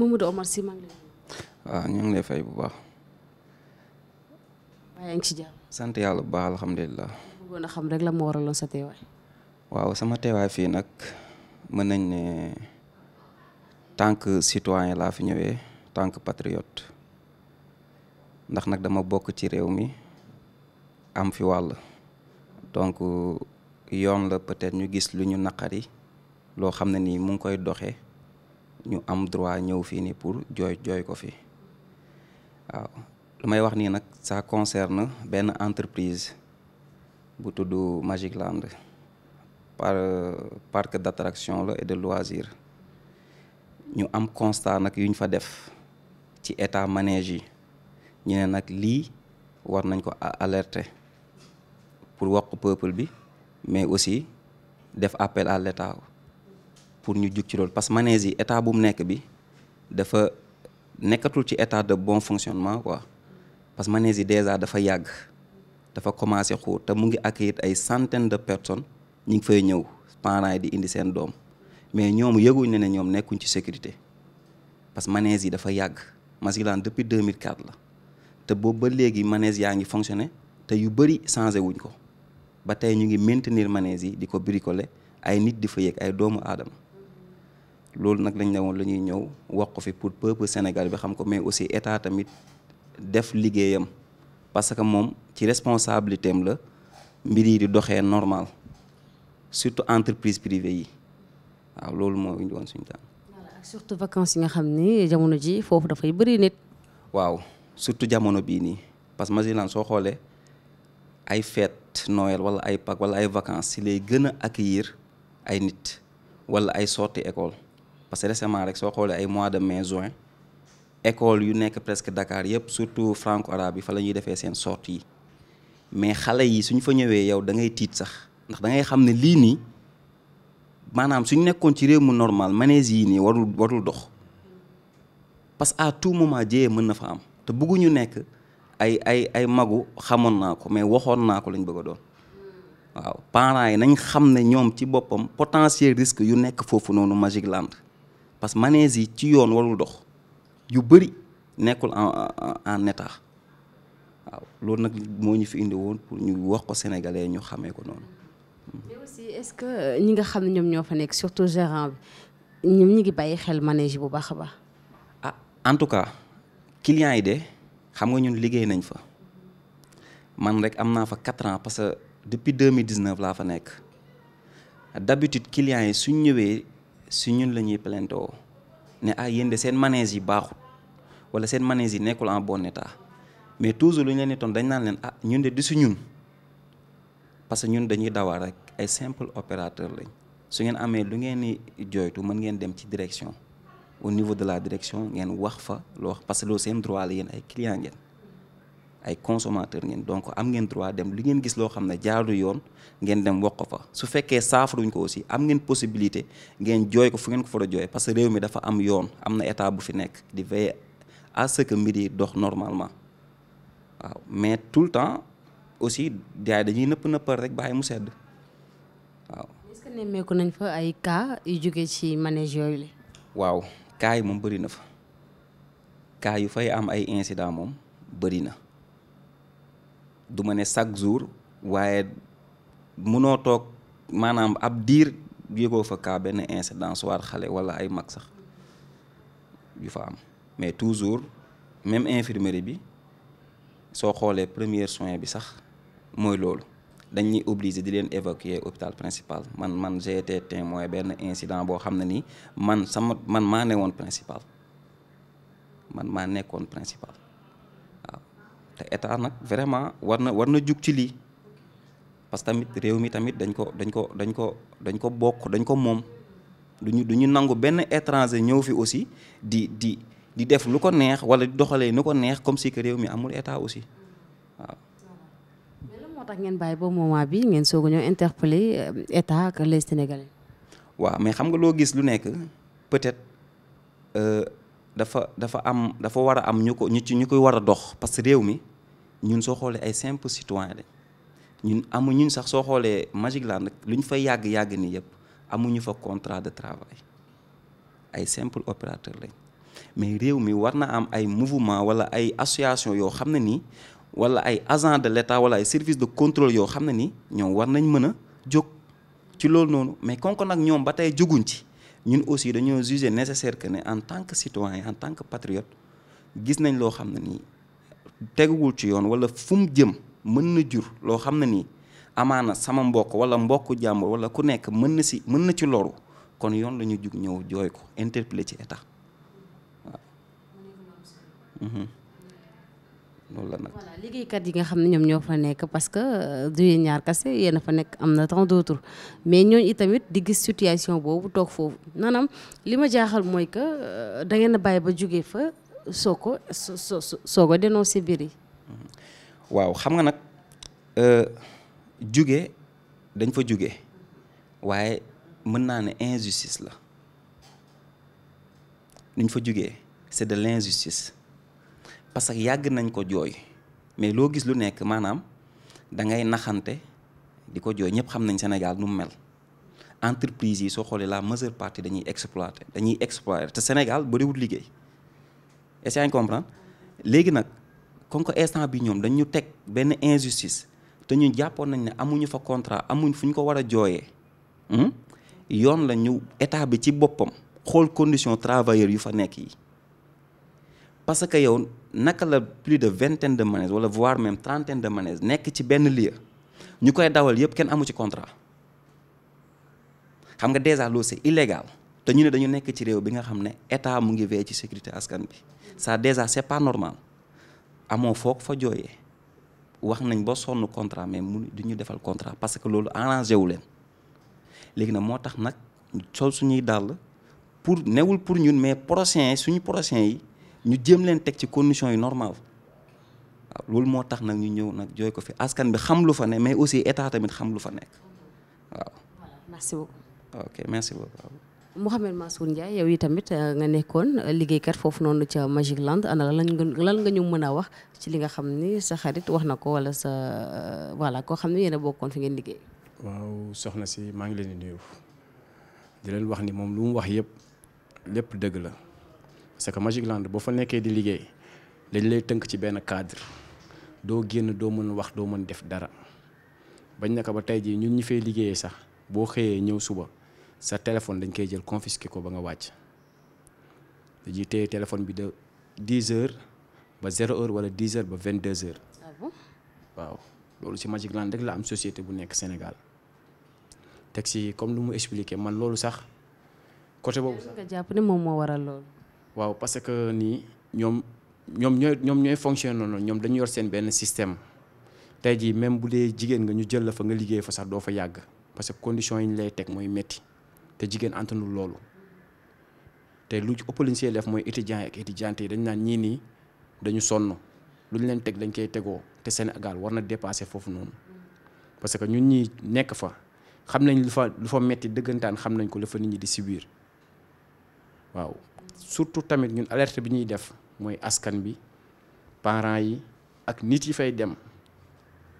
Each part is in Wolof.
Mamadou Omar Sy maa ngi lay. waaw ah, ñu ngi lay fay bu baax. waaye sant yàlla bu baax alhamdulilah. a xam rek la moo waraloon sa waaw sama teewaay fii nag mën nañ ne tant que citoyen laa fi ñëwee tant que ndax nag dama bokk ci réew mi am fi wàll donc yoon la peut ñu gis lu ñu naqari loo xam ne nii mu ngi koy doxee. ñu am droit ñëw fii nii pour jooy jooy ko fii waaw lu may wax nii nag ça concerne benn entreprise bu tudd Magic Land par parc d'attraction la et de loisir ñu am constat nag yu ñu fa def ci état manège yi ñu ne nag lii war nañ ko alerte pour wax peuple bi mais aussi def appel à l'état pour ñu jug ci loolu parce que manège état bu nekk bi dafa nekkatul ci état de bon fonctionnement quoi parce que manège yi déjà dafa yàgg dafa commencé xóot te mu ngi accueillir ay centaines de personnes ñu ngi fay ñëw parents yi di indi seen doom mais ñoomu yëguñ ne ne ñoom nekkuñ ci sécurité parce que manège yi dafa yàgg Massilan depuis 2004 la te boobu ba léegi manège yaa ngi fonctionné te yu bëri changé wuñ ko ba tey ñu ngi maintenir manège yi di ko bricoler ay nit di fa yëg ay doomu aadama loolu nag lañ ne la ñuy ñëw wax ko fi pour peuple Sénégal bi xam ko mais aussi état tamit def liggéeyam parce que moom ci responsabilité am la mbir yi di doxee normal surtout entreprise privée yi waaw loolu moo indi woon suñu temps. surtout vacances yi nga xam ni jamono ji foofu dafay bëri nit. waaw surtout jamono bii nii parce que Magellan soo xoolee ay fête Noël wala ay Pâques wala ay vacance si lay gën a accueillir ay nit wala ay sortie école. parce que récemment rek soo xoolee ay mois de mais juin école yu nekk presque Dakar yëpp surtout franco arabe yi fa la ñuy defee seen sortie yi mais xale yi suñ fa ñëwee yow da ngay tiit sax ndax dangay xam ne lii nii maanaam suñ nekkoon ci réew mu normal manège yii nii warul warul dox parce que tout moment jiyee mën na fa am te bëgguñu nekk ay ay ay magu xamoon naa ko mais waxoon naa ko lañ bëgg a doon waaw parents yi nañ xam ne ñoom ci boppam potentiel risque yu nekk foofu noonu Magic Land parce que manège yi ci yoon warul dox yu bëri nekkul en en état waaw loolu nag moo ñu fi indi woon pour ñu wax ko sénégalais ñu xamee ko noonu. mais est-ce que ñi nga xam ne ñoom ñoo fa nekk surtout gérant bi ñu ñi ngi bàyyi xel manège bu baax a baax. ah en tout cas clients yi de xam nga ñun liggéey nañ fa man rek am naa fa quatre ans parce que depuis deux mille dix-neuf laa fa nekk d'habitude clients yi suñ ñëwee. si ñun la ñuy plaintoo ne ay ah, yéen de seen manège yi baaxut wala seen manège yi nekkul en bon état mais toujours lu ñu leen di dañ naan leen ah ñun de du si ñun parce que ñun dañuy dawal rek ay simple opérateur lañ su ngeen amee lu ngeen di jooytu mën ngeen dem ci direction au niveau de la direction ngeen wax fa loo wax parce que loolu seen droit la yéen ay client ngeen ay consommateur ngeen donc am ngeen droit dem li ngeen gis loo xam ne jaarul yoon ngeen dem wax fa su fekkee saafaruñ ko aussi am ngeen possibilité ngeen jooy ko fu ngeen ko fa jooy parce que réew mi dafa am yoon am na état bu fi nekk di veiller à que mbir dox normalement waaw mais tout le temps aussi daay dañuy nëpp nëppal rek bàyyi mu sedd waaw. est nañ fa ay cas yu jóge ci manège yooyu la. waaw cas yi moom bëri na fa kaa yu fay am ay incident moom bëri na. du ma ne chaque jour waaye munoo toog maanaam ab diir yëgoo fa kaa benn incidence waat xale wala ay mag sax yu fa am mais toujours même infirmerie bi soo xoolee premier soin bi sax mooy loolu dañuy obligé di leen évacuer hôpital principal man man j'ai été témoin benn incident boo xam ne ni man sama man maa ne principal man maa nekkoon principal te état nag vraiment war na war na jug ci lii parce que tamit réew mi tamit dañ ko dañ ko dañ ko dañ ko bokk dañ ko moom duñu du ñu nangu benn étranger ñëw fi aussi di di di def lu ko neex wala di doxalee nu ko neex comme si que réew mi amul état aussi waaw tax ngeen bàyyi ba moment bi ngeen soog a ñëw interpellé euh, état ak les waaw mais xam nga loo gis lu nekk peut-être euh, dafa dafa am dafa war a am ñu ko ñu ci ñu koy war a dox parce que réew mi ñun soo xoolee ay simple citoyen la ñun amu ñun sax soo xoolee Magic Land nag lu ñu fa yàgg-yàgg nii yëpp amuñu fa contrat de travail ay simple opérateur lañ mais réew mi war na am ay mouvement wala ay association yoo xam ne nii wala ay agent de l'État wala ay service de contrôle yoo xam ne nii ñoom war nañ mën a jóg ci loolu noonu mais kon nag ñoom ba tey jóguñ ci ñun aussi dañoo jugé nécessaire que ne en tant que citoyen en tant que patriote gis nañ loo xam ne nii teguwul ci yoon wala fu jëm mën na jur loo xam ne nii amaana sama mbokk wala mbokk jàmbur wala ku nekk mën na si mën na ci loru kon yoon la ñu jug ñëw jooy ko interpellé ci état waaw. Mhm. loolu la nag voilà liggéeykat yi nga xam ne ñoom ñoo fa nekk parce que euh, du yéen ñaar kese yéen a fa nekk am na tant d'autres mais ñooñu itamit di gis situation boobu toog foofu maanaam li ma jaaxal mooy que euh, da ngeen a bàyyi ba jóge fa soo ko soo soo ko dénoncé biir yi waaw xam nga nag euh, jóge dañ fa juge waaye mën naa ne injustice la nuñ fa jógee c'est de l'injustice parce que yàgg nañ ko jooy mais loo gis lu nekk maanaam da ngay naxante di ko jooy ñëpp xam nañ Sénégal nu mu mel entreprise yi soo xoolee la majeure partie dañuy exploiter dañuy exploiter te Sénégal bariwul liggéey est-ce yaa ngi comprendre léegi nag comme que instant bi ñoom dañu teg benn injustice te ñu jàppoon nañ ne amuñu fa contrat amuñ fu ñu ko war a jooyee hmm? yoon la ñu état bi ci boppam xool condition travailleurs yu fa nekk yi parce que yow naka la plus de vingt vingtaine de manèges wala voire même trentaine de manèges nekk ci benn lieu ñu koy dawal yëpp kenn amu ci contrat xam nga déjà loolu c'est illégal te ñu ne dañu nekk ci réew bi nga xam ne état mu ngi veillé ci sécurité askan bi ça déjà c'est pas normal amoo foog fa jooyee wax nañ ba sonn contrat mais mu du ñu defal contrat parce que loolu arrangé wu leen léegi nag moo tax nag sol suñuy dàll pour newul pour ñun mais prochain suñu prochain yi ñu jëm leen teg ci conditions yi normal waaw loolu moo tax nag ñu ñëw nag jooy ko fi askan bi xam lu fa ne mais aussi état tamit xam lu fa nekk waaw. voilà Mouhamed Mansour Ndiaye yow yi tamit euh, nga nekkoon euh, liggéeykat foofu noonu ca Magic Land ana lan nga lan nga ñu mën a wax ci li nga xam ni sa xarit wax na ko wala sa euh, voilà koo xam ne yéen a bokkoon ngeen liggéey. soxna si maa ngi leen di nuyu di leen wax ni moom lu mu wax yépp lépp dëgg la parce que Magic Land boo fa nekkee di liggéey dañ lay tënk ci benn cadre doo génn doo mën wax doo mën def dara bañ naka ba tey jii ñun ñi fee liggéeyee sax boo xëyee ñëw suba. sa téléphone dañ koy jël confisqué ko ba nga wàcc dañuy téye téléphone bi de 10 heures ba 0 heure wala 10 heures ba 22 heures. Ah waaw loolu ci Magic Land rek la am société bu nekk Sénégal teg si comme lu mu expliqué man loolu sax côté boobu. sax nga moom moo waral loolu. waaw parce que nii ñoom ñoom ñooy ñoom ñooy fonctionné noonu ñoom dañu yor seen benn système tey jii même bu dee jigéen nga ñu jël la fa nga liggéey fa sax doo fa yàgg parce que conditions yi ñu lay teg mooy métti. te jigéen antanul loolu te lu ëpp lu ñu see def mooy étudiants yi ak étudiantes yi dañ naan ñii nii dañu sonn lu ñu leen teg dañ koy tegoo te Sénégal war na dépasser foofu noonu parce que ñun ñii nekk fa xam nañ lu fa lu fa metti dëggantaan xam nañ ko la fa nit ñi di subir waaw surtout tamit ñun alerte bi ñuy def mooy askan bi parent yi ak nit yi fay dem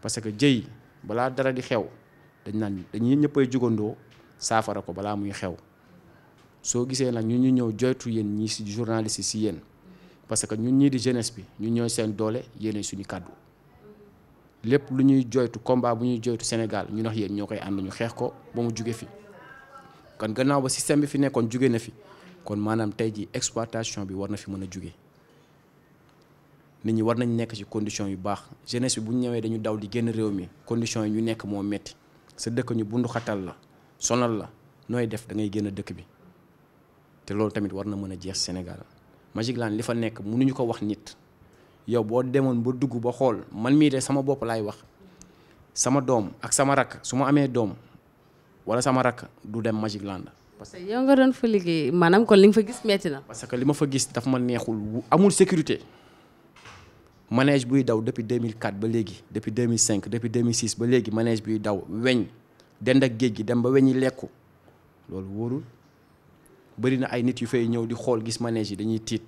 parce que jëy balaa dara di xew dañ naan dañuy ñëppay jugandoo saafara ko balaa muy xew soo gisee nag ñun ñu ñëw joytu yéen ñi si journaliste si yéen parce que ñun ñii di jeunesse bi ñu ñooy seen doole yéene suñu kàddu lépp lu ñuy joytu combat bu ñuy joytu Sénégal ñu ndax yéen ñoo koy ànd ñu xeex ko ba mu juge fi kon gannaaw ba système bi fi nekkoon juge na fi kon maanaam tey ji exploitation bi war na fi mën a juge nit ñi war nañ nekk ci condition yu baax jeunesse bi bu ñu ñëwee dañu daw di génn réew mi condition yi ñu nekk moo metti sa dëkk bundu xatal la sonal la nooy def da ngay génn dëkk bi te loolu tamit war na mën a jeex Sénégal Magic Land li fa nekk mënuñu ko wax nit yow boo demoon ba dugg ba xool man mii de sama bopp laay wax sama doom ak sama rakk su ma amee doom wala sama rakk du dem Magic Land. parce que yow nga doon fa liggéey maanaam kon li nga fa gis metti parce que li ma fa gis daf ma neexul amul sécurité manège buy daw depuis 2004 ba léegi depuis 2005 depuis 2006 ba léegi manège buy daw weñ. dend ak géej gi dem ba weñi lekku loolu wóorul bëri na ay nit yu fay ñëw di xool gis manège yi dañuy tiit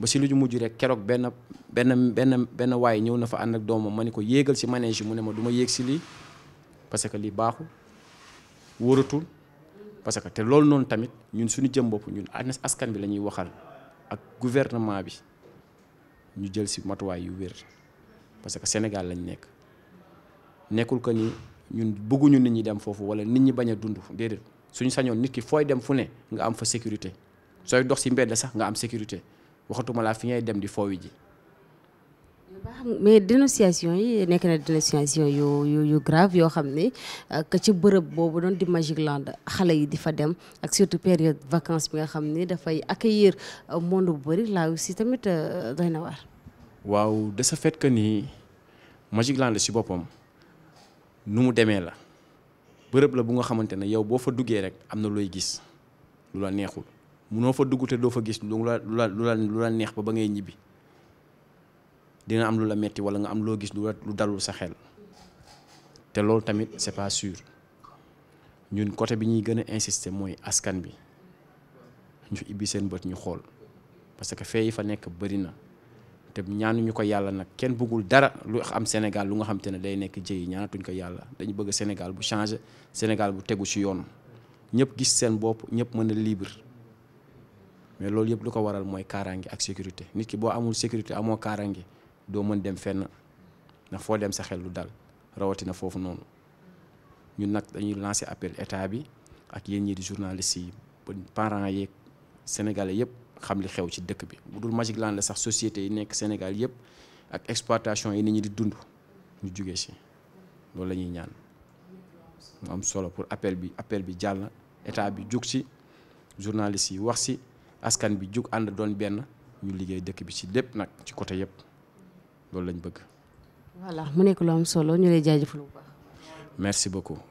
ba si lu ñu mujj rek keroog benn benn benn benn waay ñëw na fa ànd ak doomam ma ni ko yéegal si manège yi mu ne ma duma ma yéeg si lii parce que lii baaxul wóoratul parce que te loolu noonu tamit ñun suñu jëm bopp ñun askan bi la ñuy waxal ak gouvernement bi ñu jël si matuwaay yu wér parce que Sénégal lañ nekk nekkul ko ni. ñun bëgguñu nit ñi dem foofu wala nit ñi bañ a dund déedéet suñu sañoon nit ki fooy dem fu ne nga am fa sécurité sooy dox ci mbedd sax nga am sécurité waxatuma laa fi ngay dem di foowi ji. mais dénonciation yi nekk na dénonciation yu yu yu grave yoo xam ne euh, que ci bërëb boobu doon di Magic Land xale yi di fa dem ak surtout période vacance bi nga xam ne dafay accueillir euh, monde bu bëri laa aussi tamit euh, doy na waar. waaw de ce fait Magic Land si boppam. nu mu demee la bërëb la bu nga xamante ne yow boo fa duggee rek am na looy gis lu la neexul munoo fa dugg te doo fa gis lu la lu la lu la neex ba ba ngay ñibbi dina am lu la metti wala nga am loo gis lu la dalul sa xel te loolu tamit c'est pas sûr ñun côté bi ñuy gën a insister mooy askan bi ñu ibbi seen bët ñu xool parce que fee yi fa nekk bëri na. te ñaanuñu ko yàlla nag kenn bëggul dara lu am Sénégal lu nga xam te ne day nekk jëyi ñaanatuñ ko yàlla dañu bëgg Sénégal bu changé Sénégal bu tegu ci yoon ñëpp gis seen bopp ñëpp mën a libre mais loolu yëpp lu ko waral mooy kaaraange ak sécurité nit ki boo amul sécurité amoo kaaraange doo mën dem fenn ndax foo dem sa xel lu dal rawatina foofu noonu ñun nag dañuy lancer appel état bi ak yéen ñiiri di journalistes yi ba parents yeeg sénégalais yëpp. xam li xew ci dëkk bi bu dul Magic Land la sax société yi nekk Sénégal yëpp ak exploitation yi ni ñu di dund ñu jugee si loolu la ñuy ñaan mu am solo pour appel bi appel bi jàll état bi jug si journaliste yi wax si askan bi jug ànd doon benn ñu liggéey dëkk bi ci lépp nag ci côté yëpp loolu lañ bëgg. voilà mu nekk lu am solo ñu lay jaajëfal bu baax. merci beaucoup.